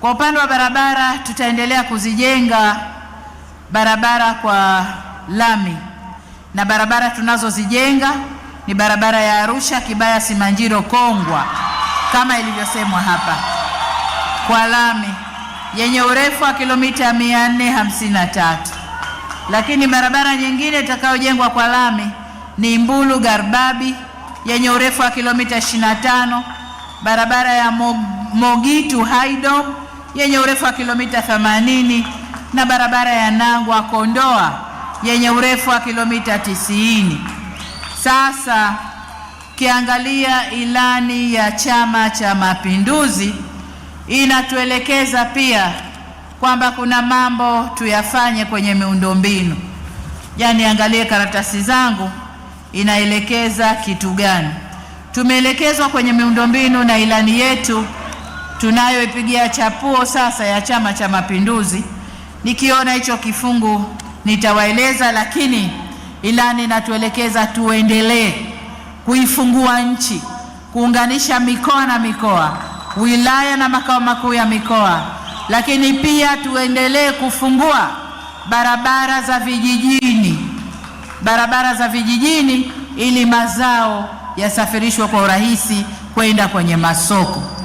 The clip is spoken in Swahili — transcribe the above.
Kwa upande wa barabara, tutaendelea kuzijenga barabara kwa lami, na barabara tunazozijenga ni barabara ya Arusha Kibaya Simanjiro Kongwa kama ilivyosemwa hapa, kwa lami yenye urefu wa kilomita 453, lakini barabara nyingine itakayojengwa kwa lami ni Mbulu Garbabi yenye urefu wa kilomita 25, barabara ya Mogitu Haidom yenye urefu wa kilomita 80 na barabara ya Nangwa Kondoa yenye urefu wa kilomita 90. Sasa kiangalia ilani ya Chama cha Mapinduzi inatuelekeza pia kwamba kuna mambo tuyafanye kwenye miundombinu. Yaani, angalie karatasi zangu inaelekeza kitu gani. Tumeelekezwa kwenye miundombinu na ilani yetu tunayoipigia chapuo sasa ya Chama cha Mapinduzi. Nikiona hicho kifungu nitawaeleza, lakini ilani inatuelekeza tuendelee kuifungua nchi, kuunganisha mikoa na mikoa, wilaya na makao makuu ya mikoa, lakini pia tuendelee kufungua barabara za vijijini, barabara za vijijini, ili mazao yasafirishwe kwa urahisi kwenda kwenye masoko.